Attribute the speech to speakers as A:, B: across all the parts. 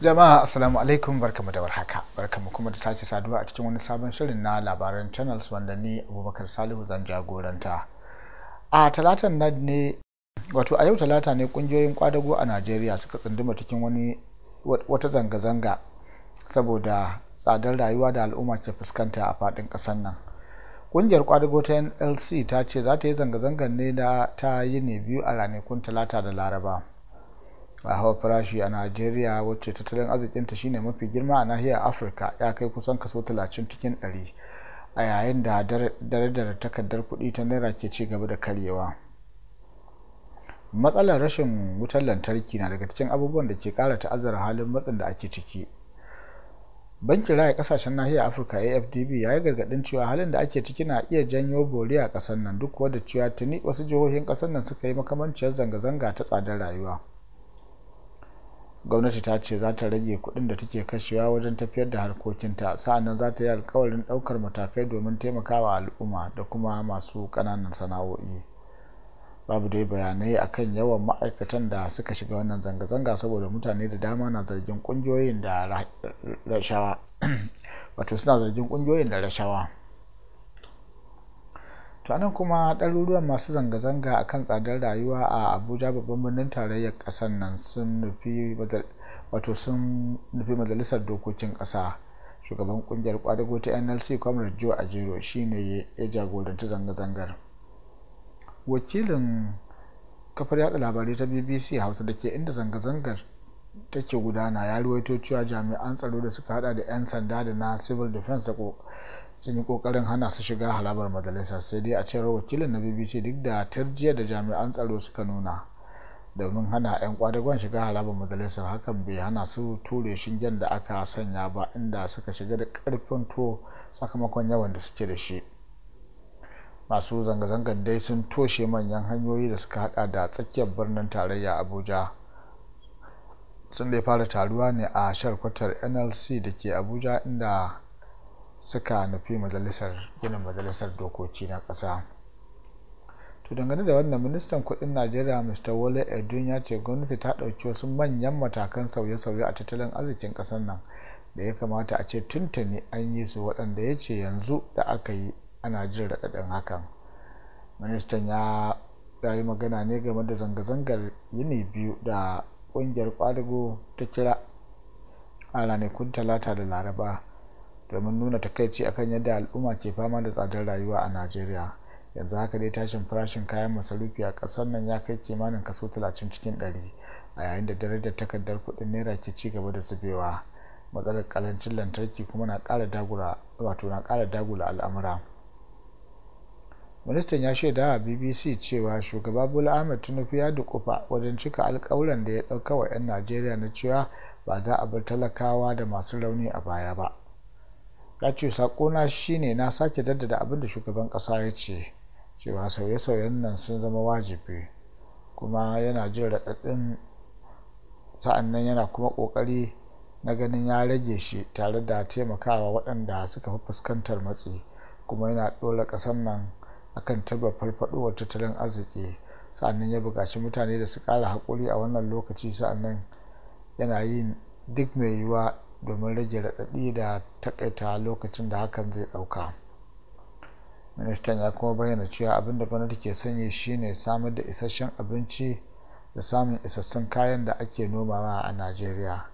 A: jama'a assalamu alaikum barkamu da warhaka barkamu kuma da sake saduwa a cikin wani sabon shirin na labaran channels wanda ni abubakar salihu zan jagoranta a talatan na ne wato a yau talata ne kungiyoyin kwadago a najeriya suka tsunduma cikin wani wata zanga-zanga saboda tsadar rayuwa da al'umma ke fuskanta a faɗin ƙasar nan kungiyar kwadago ta nlc ta ce za ta yi zanga-zangar ne da ta yi ne biyu a ranakun talata da laraba hawa farashi a najeriya wacce tattalin arzikinta shine mafi girma a nahiyar afirka ya kai kusan kaso 30 cikin 100 a yayin da darajar takardar kuɗi ta naira ke ci gaba da karyewa matsalar rashin wutar lantarki na daga cikin abubuwan da ke kara ta'azzara halin matsin da ake ciki bankin raya kasashen nahiyar afirka afdb ya yi gargadin cewa halin da ake ciki na iya janyo bori a kasar nan duk wadda cewa tuni wasu jihohin kasar nan suka yi makamanciyar zanga-zanga ta tsadar rayuwa gwamnati ta ce za ta rage kudin da take kashewa wajen tafiyar da harkokinta sa'annan za ta yi alkawarin daukar matakai domin taimakawa al'umma da kuma masu kananan sana'o'i babu dai bayanai akan yawan ma'aikatan da suka shiga wannan zanga-zanga saboda mutane da dama na zargin kungiyoyin zargin ƙungiyoyin da rashawa to anan kuma ɗaruruwan masu zanga-zanga a kan tsadar rayuwa a abuja babban birnin tarayyar ƙasar nan sun nufi wato sun nufi majalisar dokokin ƙasa shugaban ƙungiyar kwadago ta nlc comrade joe ajero shine ya jagoranci zanga-zangar wakilin kafar yada labarai ta bbc hausa da ke inda zanga-zangar take gudana ya ruwaito cewa jami'an tsaro da suka hada da 'yan sanda da na civil defense sun yi kokarin hana su shiga halabar majalisar sai dai a cewar wakilin na bbc duk da tarjiya da jami'an tsaro suka nuna domin hana 'yan kwadagon shiga halabar majalisar hakan bai hana su ture shingen da aka sanya ba inda suka shiga da karfin to sakamakon yawan da suke da shi masu zanga-zangar dai sun toshe manyan hanyoyi da suka hada da tsakiyar birnin tarayya abuja sun da fara taruwa ne a sharkwatar nlc da ke abuja inda suka nufi majalisar ginin majalisar dokoki na ƙasa to dangane da wannan ministan kudin najeriya mr wale edun ya ce gwamnati ta ɗauki wasu manyan matakan sauye-sauye a tattalin arzikin ƙasar nan da ya kamata a ce tuntuni an yi su waɗanda ya ce yanzu da aka yi ana jin raɗaɗin hakan ministan ya yi magana ne game da zanga-zangar yini biyu da ƙungiyar kwadago ta kira a ranakun talata da laraba domin nuna takaici akan yadda al'umma ke fama da tsadar rayuwa a najeriya yanzu haka dai tashin farashin kayan masarufi a ƙasar nan ya kai kimanin kaso 30 cikin 100 a yayin da darajar takardar kuɗin naira ke ci gaba da zubewa matsalar kalancin lantarki kuma na ƙara dagula wato na ƙara dagula al'amura ministan ya shaida a bbc cewa shugaba bola ahmed tinubu ya dukufa wajen cika alkawuran da ya dauka wa 'yan najeriya na cewa ba za a bar talakawa da masu rauni a baya ba ya ce sakona shine na sake daddada abin da shugaban kasa ya ce cewa sauye-sauyen nan sun zama wajibi kuma yana jin raɗaɗin sa'an nan yana kuma ƙoƙari na ganin ya rage shi tare da taimakawa waɗanda suka fi fuskantar matsi kuma yana ɗora ƙasar nan akan taba farfadowar tattalin arziki sannan ya buƙaci mutane da su ƙara haƙuri a wannan lokaci sa'annan yana yin duk mai yiwuwa domin rage raɗaɗi da taƙaita lokacin da hakan zai ɗauka ministan ya kuma bayyana cewa abin da gwamnati ke sanya ne samar da isasshen abinci da samun isassun kayan da ake nomawa a najeriya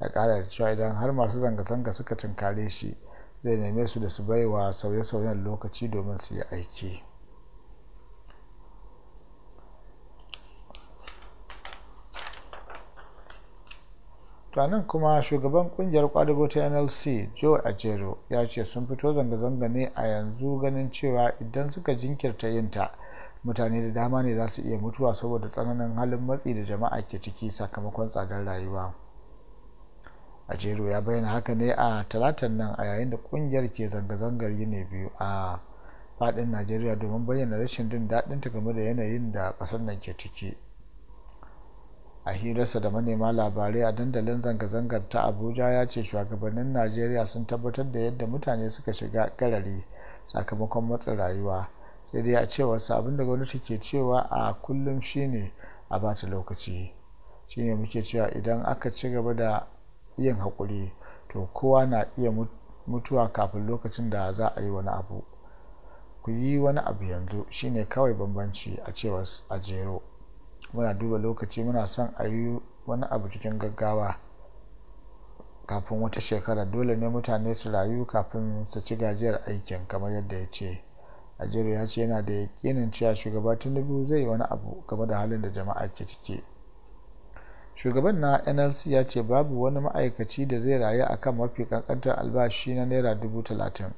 A: ya ƙara da cewa idan har masu zanga-zanga suka tunkare shi zai neme su da su bai wa sauye-sauyen lokaci domin su yi aiki nan kuma shugaban kungiyar kwadago ta nlc joe ajero ya ce sun fito zanga-zanga ne a yanzu ganin cewa idan suka jinkirta yinta mutane da dama ne za su iya mutuwa saboda tsananin halin matsi da jama'a ke ciki sakamakon tsadar rayuwa ajeru ya bayyana haka ne a talatan nan a yayin da kungiyar ke zanga-zangar yini biyu a fadin najeriya domin bayyana rashin jin daɗin ta game da yanayin da ƙasar nan ke ciki a hirarsa da manema labarai a dandalin zanga-zangar ta abuja ya ce shugabannin najeriya sun tabbatar da yadda mutane suka shiga garari sakamakon matsin rayuwa sai dai a cewarsa da gwamnati ke cewa a kullum shine a bata lokaci shine muke cewa idan aka ci gaba da yin haƙuri to kowa na iya mutuwa kafin lokacin da za a yi wani abu ku yi wani abu yanzu shine kawai bambanci a cewar a jero muna duba lokaci muna son a yi wani abu cikin gaggawa kafin wata shekara dole ne mutane su rayu kafin su ci gajiyar aikin kamar yadda ya ce ajero ya ce yana da yakinin cewa shugaba tinubu zai yi wani abu game da halin da jama'a ke ciki shugaban na nlc ya ce babu wani ma'aikaci da zai rayu a kan mafi kankantar albashi na naira dubu talatin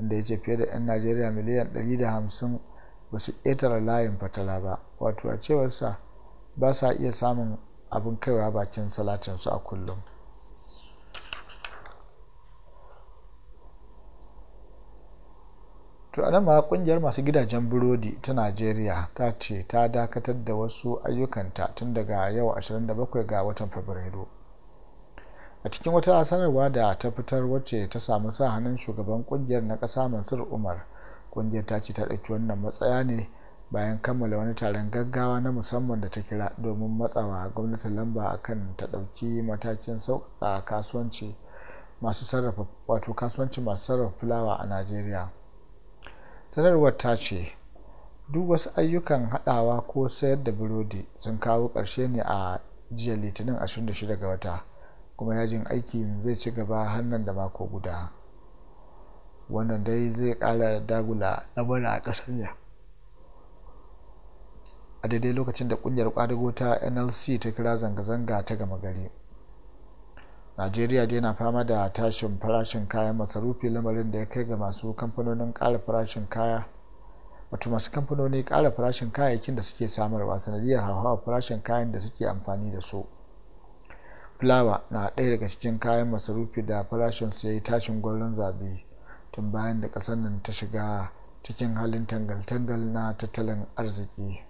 A: inda ya ce fiye da 'yan najeriya miliyan 150 ba su ƙetare layin fatala ba wato a cewarsa ba sa iya samun abin kaiwa bakin salatinsu a kullum to nan ma kungiyar masu gidajen burodi ta najeriya ta ce ta dakatar da wasu ayyukanta tun daga yau 27 ga watan fabrairu a cikin wata sanarwa da ta fitar wacce ta samu sa hannun shugaban kungiyar na ƙasa mansur umar kungiyar ta ce ta ɗauki wannan matsaya ne bayan kammala wani taron gaggawa na musamman da ta kira domin matsawa gwamnatin lamba akan ta ɗauki matakin sauƙaƙa kasuwanci masu sarrafa kasuwanci masu sarrafa fulawa a najeriya sanarwar ta ce duk wasu ayyukan hadawa ko sayar da burodi sun kawo ƙarshe ne a jiya litinin 26 ga wata kuma yajin aikin zai ci gaba hannun da mako guda wannan dai zai kara dagula lamura a ƙasar ya a daidai lokacin da kungiyar kwadago ta nlc ta kira zanga-zanga ta gama gari najeriya dai na fama da tashin farashin kayan masarufi lamarin da ya kai ga masu kamfanonin kara farashin kaya wato masu kamfanoni ƙara farashin kayayyakin da suke samarwa sanadiyar hauhawar farashin kayan da suke amfani da su fulawa na ɗaya daga cikin kayan masarufi da farashin su ya tashin gwarin zabe tun bayan da ƙasar nan ta shiga cikin halin tangal-tangal na tattalin arziki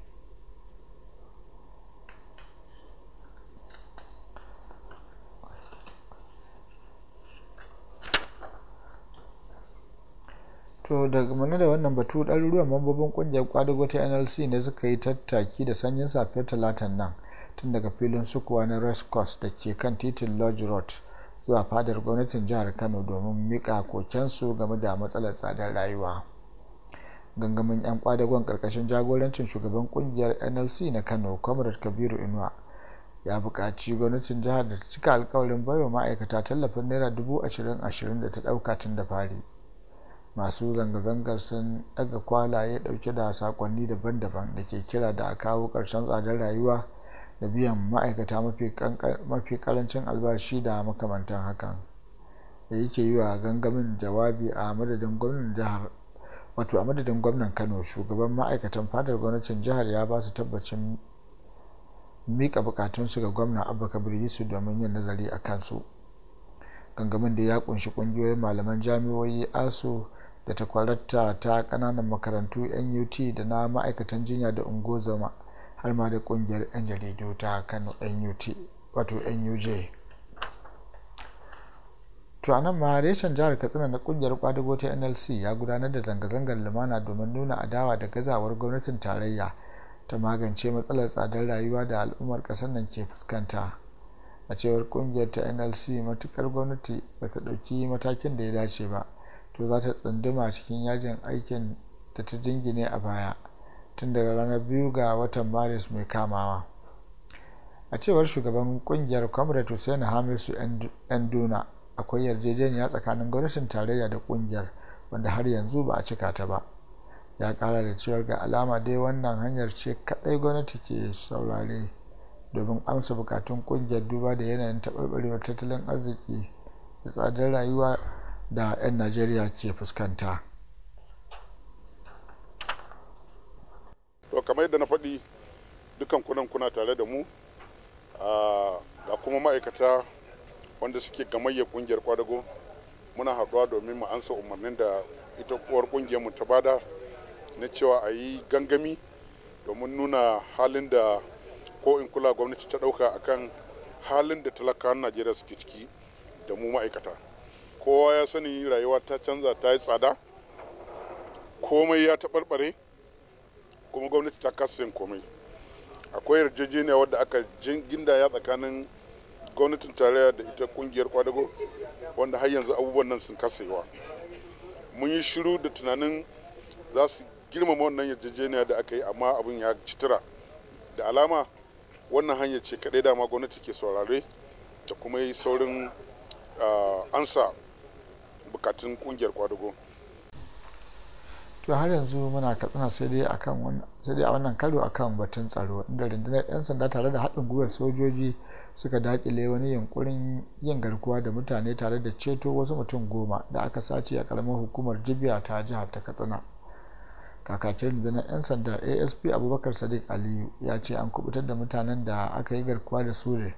A: to daga mana da wannan batu ɗaruruwan mambobin kungiyar kwadago ta nlc ne suka yi tattaki da sanyin safiyar talatan nan tun daga filin sukuwa na rescos da ke kan titin lodge road zuwa fadar gwamnatin jihar kano domin mika su game da matsalar tsadar rayuwa gangamin 'yan kwadagon karkashin jagorancin shugaban kungiyar nlc na kano comrade kabiru inuwa ya buƙaci gwamnatin jihar da cika alkawarin baiwa ma'aikata tallafin naira dubu ashirin ashirin da ta ɗauka tun da fari masu zanga-zangar sun daga kwalaye dauke da sakonni daban-daban da ke kira da a kawo karshen tsadar rayuwa da biyan ma'aikata mafi karancin albashi da makamantan hakan da yake yi wa gangamin jawabi a madadin gwamnan jihar wato a madadin gwamnan kano shugaban ma'aikatan fadar gwamnatin jihar ya ba su tabbacin mika bukatunsu ga gwamnan abba kabir yusuf domin yin nazari a kansu gangamin da ya kunshi kungiyoyin malaman jami'oyi asu da ta takwararta ta kananan makarantu nut da na ma'aikatan jinya da ungozama har ma da kungiyar 'yan jaridu ta kano nut wato nuj to a nan ma reshen jihar katsina na kungiyar kwadago ta nlc ya gudanar da zanga-zangar lumana domin nuna adawa da gazawar gwamnatin tarayya ta magance matsalar tsadar rayuwa da al'ummar kasar nan ke fuskanta a cewar kungiyar ta nlc matukar gwamnati ba ta ɗauki matakin da ya dace ba to za ta tsunduma cikin yajin aikin da ta jingine a baya tun daga ranar biyu ga watan maris mai kamawa a cewar shugaban kungiyar comrade hussein hamisu enduna akwai yarjejeniya tsakanin gwamnatin tarayya da kungiyar wanda har yanzu ba a cika ta ba ya kara da cewar ga alama dai wannan hanyar ce kadai gwamnati ke saurare domin amsa bukatun kungiyar duba da yanayin taɓarɓarewar tattalin arziki da tsadar rayuwa da 'yan najeriya ke fuskanta
B: to kamar yadda na faɗi dukan kunan kuna tare da mu ah, ga kuma ma'aikata wanda suke gamayya kungiyar kwadago muna haɗuwa domin mu ansa umarnin da ita kuwar kungiyar mu ta bada na cewa a yi gangami domin nuna halin da ko in kula gwamnati ta ɗauka akan halin da talakawan najeriya suke ciki da mu ma'aikata kowa ya sani rayuwa ta canza ta yi tsada komai ya taɓarɓare kuma gwamnati ta yin komai akwai yarjejeniya wadda aka gindaya tsakanin gwamnatin tarayya da ita kungiyar kwadago wanda har yanzu abubuwan nan sun kasewa mun yi shiru da tunanin za su girmama wannan yarjejeniya da aka yi amma abin ya citira da alama wannan hanyar ce kaɗai dama gwamnati ke saurare da kuma yi saurin ah, ansa bukatun kungiyar kwadugo
A: to har yanzu muna katsina sai dai akan sai dai a wannan karo akan batun tsaro inda rundunar yan sanda tare da haɗin gwiwar sojoji suka dakile wani yunkurin yin garkuwa da mutane tare da ceto wasu mutum goma da aka sace a karamar hukumar jibiya ta jihar ta katsina kakakin rundunar 'yan sanda asp abubakar sadiq aliyu ya ce an kubutar da mutanen da aka yi garkuwa da sure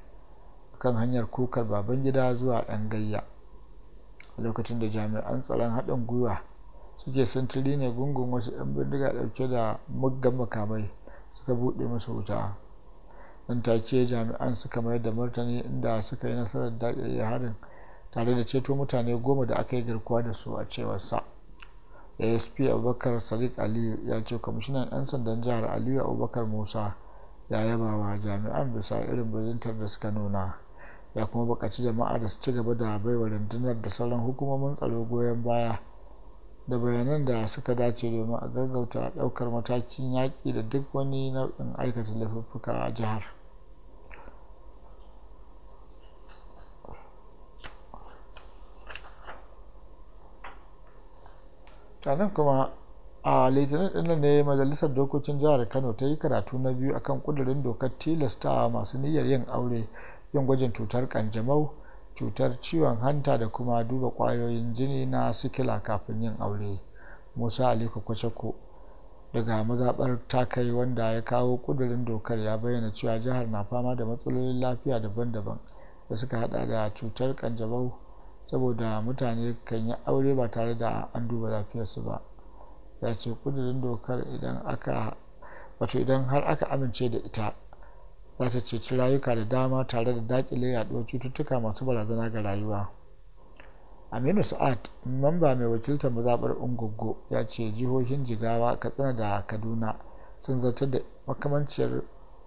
A: kan hanyar kukar baban gida zuwa ɗan gayya a lokacin da jami'an tsaron haɗin gwiwa suke sintiri ne gungun wasu 'yan bindiga ɗauke da muggan makamai suka buɗe musu wuta nan take jami'an suka mayar da martani inda suka yi nasarar daƙile harin tare da ceto mutane goma da aka yi garkuwa da su a cewar sa asp abubakar sadiq aliyu ya ce kwamishinan 'yan sandan jihar aliyu abubakar musa ya yabawa jami'an bisa irin bajintar da suka nuna ya kuma bukaci jama'a da su ci gaba da baiwa rundunar da sauran hukumomin tsaro goyon baya da bayanan da suka dace domin a gaggauta daukar matakin yaƙi da duk wani nau'in aikata laifuffuka a jihar tanan kuma a litinin ɗin ne majalisar dokokin jihar kano ta yi karatu na biyu akan kudurin dokar tilasta masu niyyar yin aure yin gwajin cutar kanjamau cutar ciwon hanta da kuma duba kwayoyin jini na sikila kafin yin aure musa aliko kwashako daga mazaɓar takai wanda ya kawo kudurin dokar ya bayyana cewa jihar na fama da matsalolin lafiya daban-daban da suka hada da cutar kanjamau saboda mutane kan yi aure ba tare da an duba lafiyarsu ba ya ce kudurin dokar wato idan har aka amince da ita za ta ceci rayuka da dama tare da dakile yaduwar cututtuka masu barazana ga rayuwa aminu sa'ad mamba mai wakiltar mazaɓar ungogo ya ce jihohin jigawa katsina da kaduna sun zartar da makamanciyar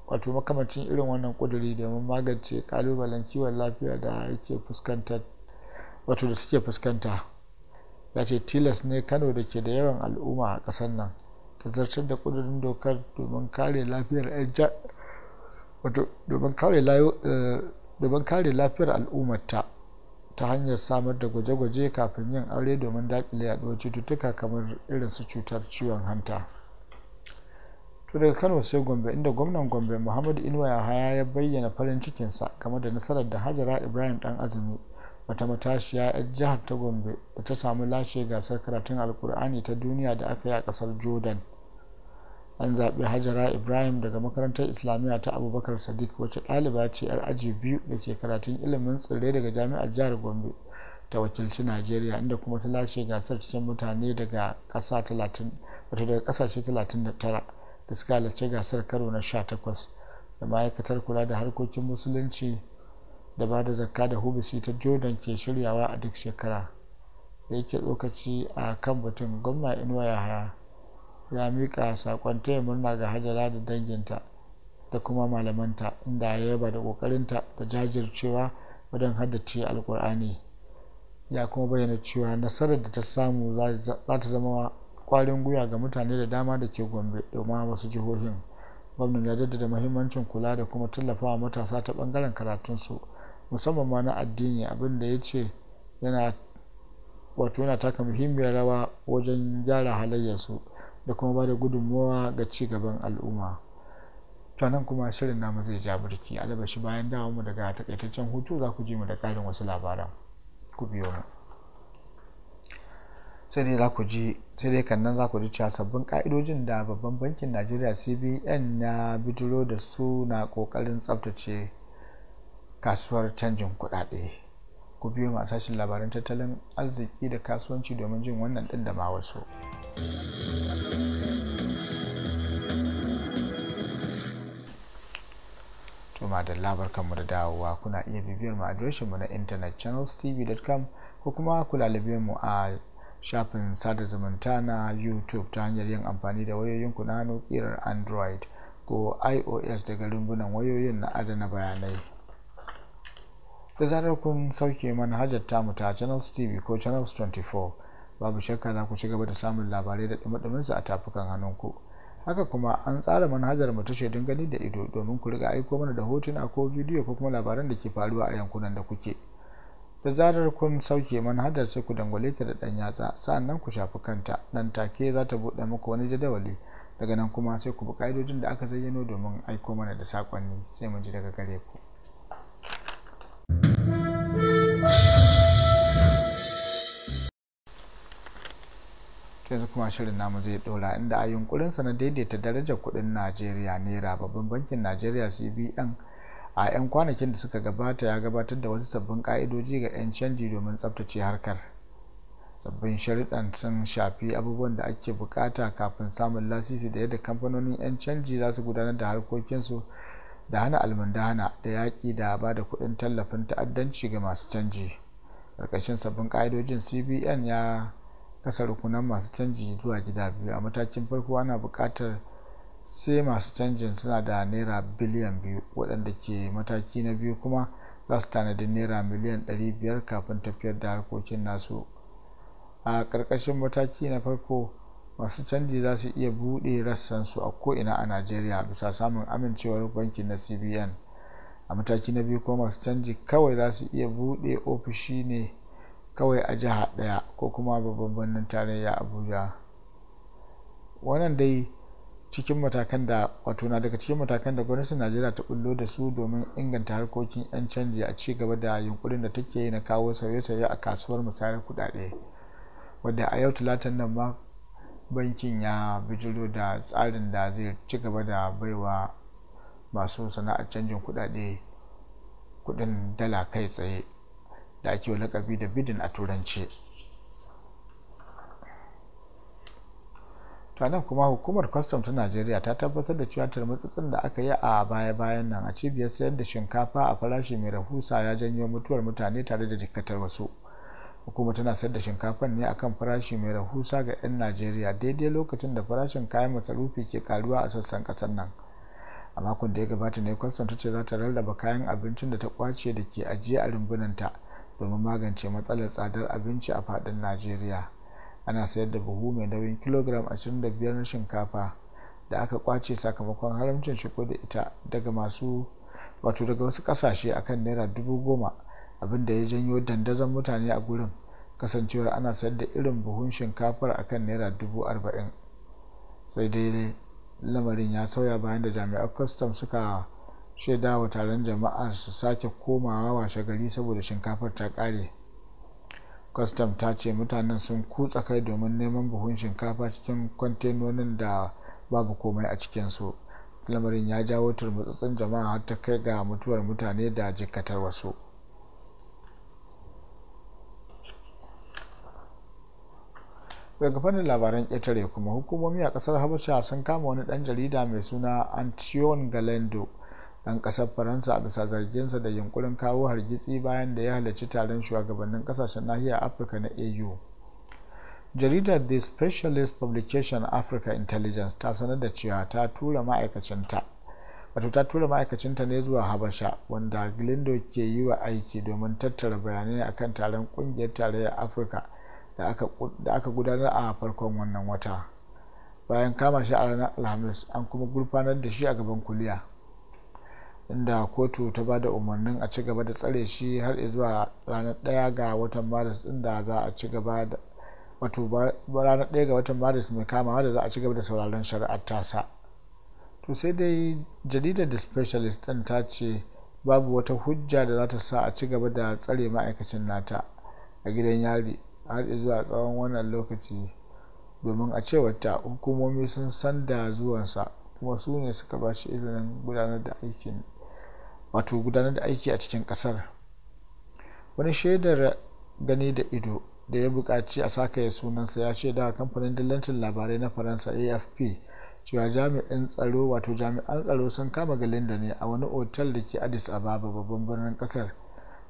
A: wato makamancin irin wannan kuduri domin magance kalubalen kiwon lafiya da yake fuskanta wato da suke fuskanta ya ce tilas ne kano da ke da yawan al'umma a ƙasar nan ta zartar da kudurin dokar domin kare lafiyar wato domin kare eh, lafiyar al'ummata ta hanyar samar da gwaje-gwaje kafin yin aure domin dakile yaduwar cututtuka kamar irin su cutar ciwon hanta to daga kano sai gombe inda gwamnan gombe muhammadu inuwa yahaya ya bayyana farin cikinsa game da nasarar da hajara ibrahim dan azumi wata matashiya 'yar jihar ta gombe da ta samu lashe gasar karatun alkur'ani ta duniya da aka yi a kasar jordan an zaɓi hajara ibrahim daga makarantar islamiyya ta abubakar sadiq wacce ɗaliba ce 'yar aji biyu da ke karatun ilimin tsirrai daga jami'ar jihar gombe ta wakilci najeriya inda kuma ta lashe gasar cikin mutane daga ƙasa talatin wato daga ƙasashe 39 da suka halarci gasar karo na sha takwas da ma'aikatar kula da harkokin musulunci da ba da zakka da hubisi ta jordan ke shiryawa a duk shekara da yake tsokaci a kan batun gwamna inuwa yahaya ya mika saƙon taya murna ga hajara da danginta da kuma malamanta inda ya yaba da ƙoƙarinta da jajircewa wajen haddace alkur'ani ya kuma bayyana cewa nasarar da ta samu za ta zama kwarin gwiwa ga mutane da dama da ke gombe domin wasu jihohin gwamnan ya jaddada mahimmancin kula da kuma tallafawa matasa ta bangaren karatunsu musamman ma na addini abin da ya ce yana wato yana taka muhimmiyar rawa wajen gyara halayyarsu da kuma ba da gudunmuwa ga ci gaban al'umma to nan kuma shirin namu zai ja birki alabashi bayan dawa mu daga takaitaccen hutu za ku ji mu da ƙarin wasu labaran ku biyo mu sai dai za ku ji sai dai kan nan za ku ji cewa sabbin ƙa'idojin da babban bankin najeriya cbn na bidiro da su na kokarin tsabtace kasuwar canjin kuɗaɗe ku biyo a sashen labaran tattalin arziki da kasuwanci domin jin wannan ɗin da ma wasu. kuma da labar kanmu da dawowa kuna iya bibiyar mu adireshin mu na intanet channelstv.com ko kuma ku lalube mu a shafin sada zumunta na youtube ta hanyar yin amfani da wayoyin ku na hannu kirar android ko ios daga rumbunan wayoyin na adana bayanai da zarar kun sauke manhajar tamu ta channels tv ko channels 24 babu shakka za ku ci gaba da samun labarai da dumadumin su a tafukan hannunku haka kuma an tsara manhajar mu ta shaidun gani da ido domin ku riga aiko mana da hotuna ko bidiyo ko kuma labaran da ke faruwa a yankunan da kuke da zarar kun sauke manhajar sai ku dangwale ta da dan yatsa nan ku shafi kanta nan take za ta buɗe muku wani jadawali daga nan kuma sai ku bi ka'idojin da aka zayyano domin aiko mana da sakonni sai mu ji daga gare ku. yanzu kuma shirin namu zai dora inda a sa na daidaita darajar kudin najeriya naira babban bankin najeriya cbn a 'yan kwanakin da suka gabata ya gabatar da wasu sabbin ka'idoji ga 'yan canji domin tsabtace harkar sabbin sharuɗan sun shafi abubuwan da ake bukata kafin samun lasisi da yadda kamfanonin 'yan canji za su gudanar da harkokinsu da hana almundana da yaƙi da ba da kuɗin tallafin ta'addanci ga masu canji ƙarƙashin sabbin ka'idojin cbn ya kasa rukunan masu canji zuwa gida biyu a matakin farko ana buƙatar sai masu canjin suna da naira biliyan biyu waɗanda ke mataki na biyu kuma za su tanadi naira miliyan 500 kafin tafiyar da harkokin nasu a ƙarƙashin mataki na farko masu canji za su iya buɗe rassansu a ko'ina a najeriya bisa samun amincewar bankin na cbn a mataki na biyu kuma masu canji kawai za su iya buɗe ofishi ne kawai a jiha ɗaya ko kuma babban birnin tarayya abuja wannan dai cikin matakan da wato na daga cikin matakan da gwamnatin najeriya ta bullo da su domin inganta harkokin 'yan canji a ci gaba da yunkurin da take yi na kawo sauye-sauye a kasuwar misali kudade wadda a yau talatin nan ma bankin ya bijiro da tsarin da zai ci gaba da baiwa masu sana'ar canjin kudade kudin dala kai tsaye da ake wa lakabi da bidin a turance nan kuma hukumar kwastam ta najeriya ta tabbatar da cewa tarmatsatsin da aka yi a baya-bayan nan a cibiyar sayar da shinkafa a farashi mai rahusa ya janyo mutuwar mutane tare da jikkatar wasu hukumar tana sayar da shinkafa ne akan farashi mai rahusa ga 'yan najeriya daidai lokacin da farashin kayan masarufi ke karuwa a sassan kasar nan a makon da ya gabata ne kwastam ta ce za ta rarraba kayan abincin da ta kwace da ke ajiye a rumbunanta domin magance matsalar tsadar abinci a fadin najeriya ana sayar da buhu mai nauyin kilogram 25 na shinkafa da aka kwace sakamakon haramcin shigo da ita daga masu wato daga wasu kasashe akan naira dubu goma abin da ya janyo dandazon mutane a gurin kasancewar ana sayar da irin buhun shinkafar akan naira dubu arba'in sai dai lamarin ya sauya bayan da jami'an kwastam suka wa taron jama'a su sake komawa washe gari saboda shinkafar ta kare kwastam ta ce mutanen sun kutsa kai domin neman buhun shinkafa cikin kwantenonin da babu komai a cikinsu lamarin ya jawo turmutsutsun jama'a har ta kai ga mutuwar mutane da jikatar wasu daga labaran ƙetare kuma hukumomi a ƙasar habasha sun kama wani ɗan jarida mai suna antion galendo ɗan ƙasar faransa a bisa zarginsa da yunkurin kawo hargitsi bayan da ya halarci taron shugabannin ƙasashen nahiyar afirka na au jaridar the specialist publication africa intelligence ta sanar da cewa ta tura ma'aikacinta wato ta tura ma'aikacinta ne zuwa habasha wanda glindo ke yi wa aiki domin tattara bayanai akan taron kungiyar tarayyar afirka da aka gudanar a farkon wannan wata bayan kama shi a ranar alhamis an kuma gurfanar da shi a gaban kuliya inda kotu ta ba da umarnin a ci gaba da tsare shi har zuwa ranar ɗaya ga watan maris inda za a ci gaba da wato ranar ɗaya ga watan maris mai kama da za a ci gaba da sauraron shari'ar tasa to sai dai jaridar da specialist ɗin ta ce babu wata hujja da za ta sa a ci gaba da tsare ma'aikacin nata a gidan yari har zuwa tsawon wannan lokaci domin a cewar ta hukumomi sun san da zuwansa kuma su ne suka ba shi izinin gudanar da aikin wato gudanar da aiki a cikin kasar wani shaidar gani da ido da ya buƙaci a ya sunansa ya shaida kamfanin dillancin labarai na faransa afp cewa jami'in tsaro wato jami'an tsaro sun kama galinda ne a wani otal da ke addis ababa babban birnin kasar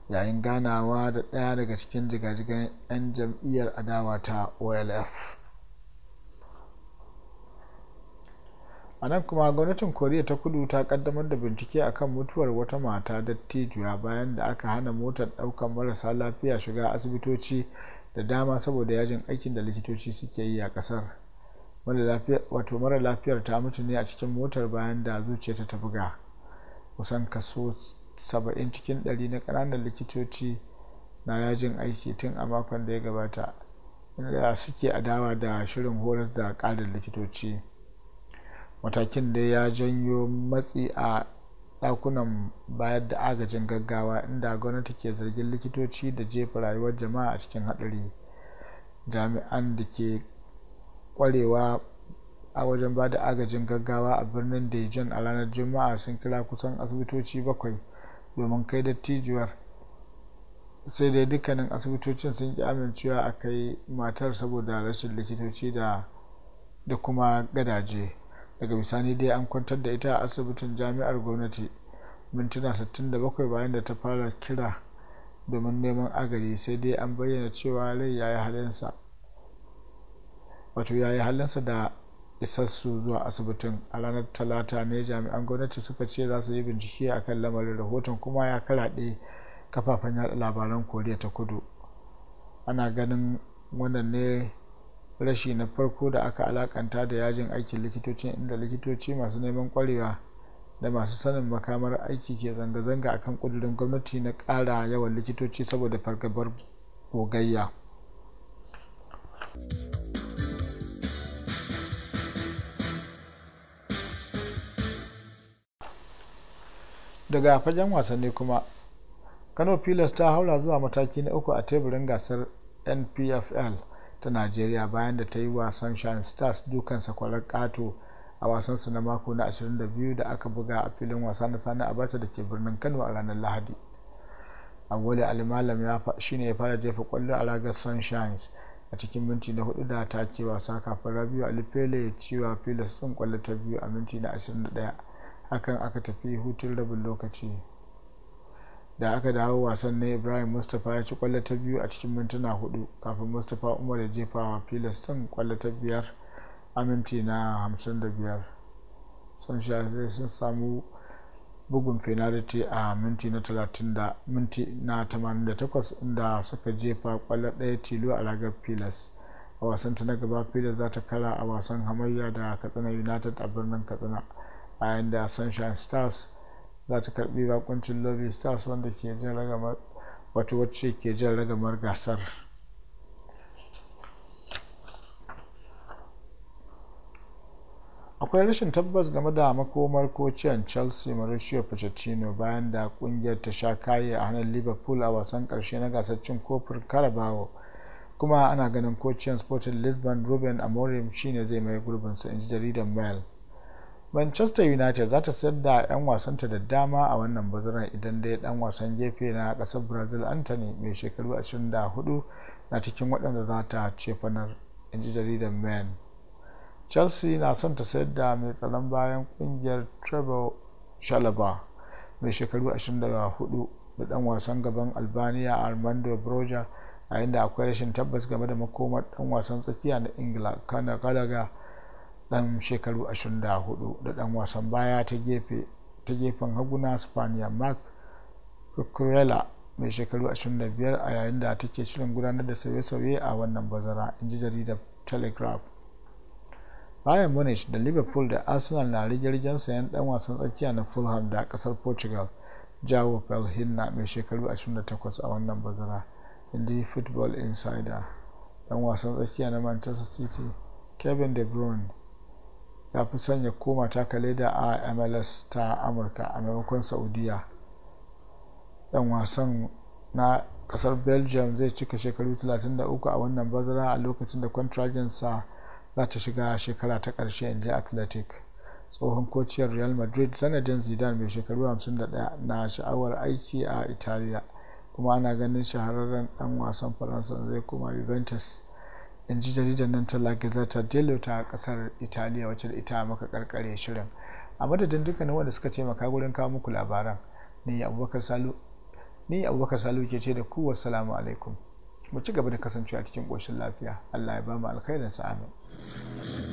A: yayin ganawa da ɗaya daga cikin jigajigan 'yan jam'iyyar adawa ta olf a nan kuma gwamnatin koriya ta kudu ta kaddamar da bincike a kan mutuwar wata mata dattijuwa bayan da aka hana motar daukan marasa lafiya shiga asibitoci da dama saboda yajin aikin da likitoci suke yi a kasar wato mara lafiyar ta mutu ne a cikin motar bayan da zuciyarta ta buga kusan kaso 70 cikin 100 na ƙananan likitoci na yajin aiki tun a makon da ya gabata inda suke adawa da shirin horar da ƙarin likitoci matakin da ya janyo matsi a dakunan bayar da agajin gaggawa inda gwamnati ke zargin likitoci da jefa rayuwar jama'a a cikin hadari jami'an da ke kwarewa a wajen ba da agajin gaggawa a birnin Dijon a ranar Juma'a sun kira kusan asibitoci bakwai domin kai dattijuwar sai dai dukkanin asibitocin sun ki amincewa a kai matar saboda rashin likitoci da kuma gadaje. daga bisani dai an kwantar da ita a asibitin jami'ar gwamnati mintuna 67 bayan da ta fara kira domin neman agaji sai dai an bayyana cewa rai ya halinsa wato ya halinsa da isassu zuwa asibitin a ranar talata ne jami'an gwamnati suka ce za su yi bincike a kan lamarin rahoton kuma ya karaɗe kafafen yada labaran koriya ta kudu ana ganin wannan ne rashi na farko da aka alakanta da yajin aikin likitoci inda likitoci masu neman kwarewa da masu sanin makamar aiki ke zanga-zanga akan kudurin gwamnati na kara yawan likitoci saboda fargabar gogayya. daga fagen wasanni kuma kano pilas ta haula zuwa mataki na uku a teburin gasar npfl ta najeriya bayan da ta yi wa sunshine stars dukansa kwarar kato a wasan su na mako na 22 da aka buga a filin wasa na sani basa da ke birnin kano a ranar lahadi agwada alimalam shine ya fara jefa kwallo a ragar sunshines a cikin minti na hudu da ta ke wasa kafin rabiu alifele ya ciwa filas din kwallo ta biyu a minti na 21 hakan aka tafi hutun rabin lokaci da aka dawo wasan na ibrahim mustapha ya ci kwallo ta biyu a cikin mintuna hudu kafin mustapha umar ya jefa wa filistin kwallo ta biyar a minti na 55 sun shafi sun samu bugun penalty a minti na 30 minti na 88 inda suka jefa kwallo ɗaya tilo a ragar pilas a wasan ta na gaba pilas za ta kara a wasan hamayya da katsina united a birnin katsina a yayin da sunshine stars za ta karbi bakuncin lobby stars wanda ke jan ragamar wato wacce ke jan ragamar gasar akwai rashin tabbas game da makomar kociyan chelsea mauricio pochettino bayan da kungiyar ta sha kaye a hannun liverpool a wasan karshe na gasar cin kofin carabao kuma ana ganin kociyan sporting lisbon ruben amorim shine zai mai gurbinsa in ji jaridar mail manchester united za ta sayar da 'yan wasanta da dama a wannan bazarar idan dai dan wasan gefe na kasar brazil anthony mai shekaru 24 na cikin waɗanda za ta cefanar in ji jaridar man chelsea na son ta sayar da mai tsaron bayan kungiyar trevor shalaba mai shekaru 24 da dan wasan gaban albania armando broja a inda akwai rashin tabbas game da makomar dan wasan tsakiya na ingila kana galaga dan shekaru 24 da dan wasan baya ta gefe ta gefen haguna spania mark cucurella mai shekaru 25 a yayin da take shirin gudanar da sauye-sauye a wannan bazara in ji jaridar telegraph bayan munich da liverpool da arsenal na rigirgen sayan dan wasan tsakiya na fulham da kasar portugal jawo pelhinna mai shekaru 28 a wannan bazara in ji football insider dan wasan tsakiya na manchester city kevin de bruyne ya fi son koma taka leda a mls ta amurka a maimakon saudiya yan wasan na kasar belgium zai cika shekaru 33 a wannan bazara a lokacin da kwantragensa za ta shiga shekara ta karshe in je athletic tsohon kociyar real madrid sanadin zidane mai shekaru 51 na sha'awar aiki a italiya kuma ana ganin shahararren dan wasan faransa zai koma juventus in ji jaridar nan ta la gazzetta ta kasar italiya wacce da ita maka karkare shirin a madadin dukkanin wanda suka ce maka gurin kawo muku labaran ni abubakar salu ni abubakar salu ke ce da ku wassalamu alaikum mu ci gaba da kasancewa cikin koshin lafiya allah ya ba mu alkhairinsa amin